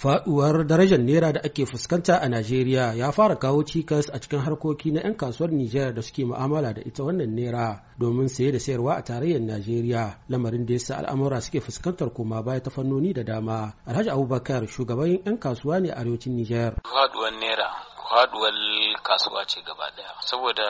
Faɗuwar darajar Naira da ake fuskanta a Najeriya ya fara kawo cikas a cikin harkoki na 'yan kasuwar Nijar da suke mu'amala da ita wannan Naira domin saye da sayarwa a tarayyar Najeriya, lamarin da yasa al'amura suke fuskantar koma baya ta fannoni da dama. Alhaji Abubakar shugaban 'yan kasuwa ne a arewacin Nijar. Faduwar Naira faduwar kasuwa ce gaba daya saboda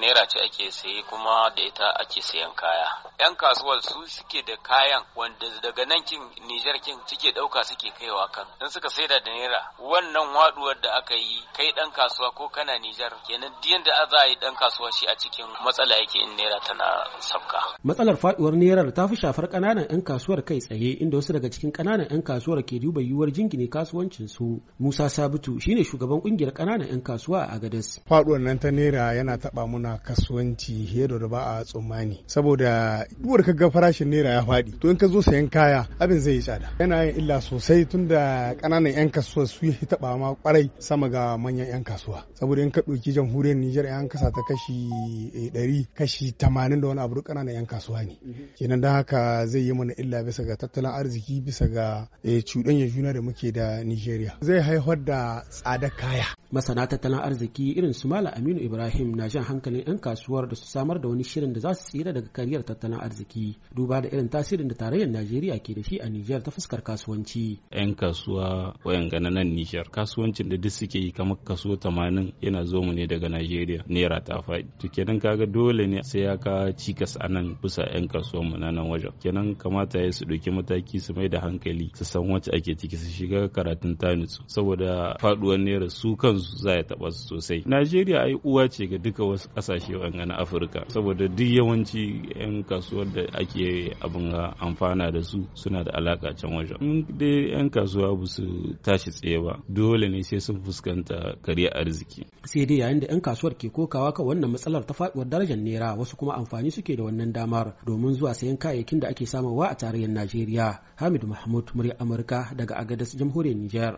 naira ce ake saye kuma da ita ake sayan kaya yan kasuwar su suke da kayan wanda daga nan kin Nijar kin suke dauka suke kaiwa kan in suka saida da naira wannan waduwar da aka yi kai dan kasuwa ko kana Nijar kenan diyan da za a yi dan kasuwa shi a cikin matsala yake in naira tana sabka matsalar faduwar naira ta fi shafar kananan yan kasuwar kai tsaye inda wasu daga cikin kananan yan kasuwar ke duba yiwuwar jingine kasuwancin su Musa Sabitu shine shugaban kungiyar kananan 'yan kasuwa a agadas Faduwar nan ta naira yana taba muna kasuwanci fiye da ba a tsammani saboda duwar ka ga farashin naira ya faɗi to in ka zo sayan kaya abin zai yi tsada yana yin illa sosai tunda kananan 'yan kasuwa su yi taɓa ma kwarai sama ga manyan 'yan kasuwa saboda in ka ɗauki jamhuriyar Nijar an kasa ta kashi eh, ɗari kashi tamanin da wani abu kananan 'yan kasuwa ne mm-hmm. kenan don haka zai yi mana illa bisa ga tattalin arziki bisa ga eh, cuɗanya juna da muke da Nijeriya zai haifar da tsada kaya masana tattalin arziki irin su malam aminu ibrahim na jan hankalin 'yan kasuwar da su samar da wani shirin da za su tsira daga kariyar tattalin arziki duba da irin tasirin da tarayyar najeriya ke da shi a nijar ta fuskar kasuwanci 'yan kasuwa wayan gana nan nijar kasuwancin da duk suke yi kamar kaso 80 yana zo mu ne daga najeriya naira ta faɗi to kenan kaga dole ne sai ya ka cikas a nan bisa 'yan kasuwar mu nan wajen kenan kamata ya su ɗauki mataki su mai da hankali su san wacce ake ciki su shiga karatun tanitsu saboda faɗuwar naira su kan za ya taba sosai najeriya ai uwa ce ga duka wasu kasashe na afirka saboda duk yawanci yan kasuwar da ake abin amfana da su suna da alaka can wajen in dai yan kasuwa ba su tashi tsaye ba dole ne sai sun fuskanta karya arziki sai dai yayin da yan kasuwar ke kokawa kan wannan matsalar ta faɗuwar darajar naira wasu kuma amfani suke da wannan damar domin zuwa sayan kayayyakin da ake samarwa a tarayyar najeriya hamid mahmud murya amurka daga agadas jamhuriyar niger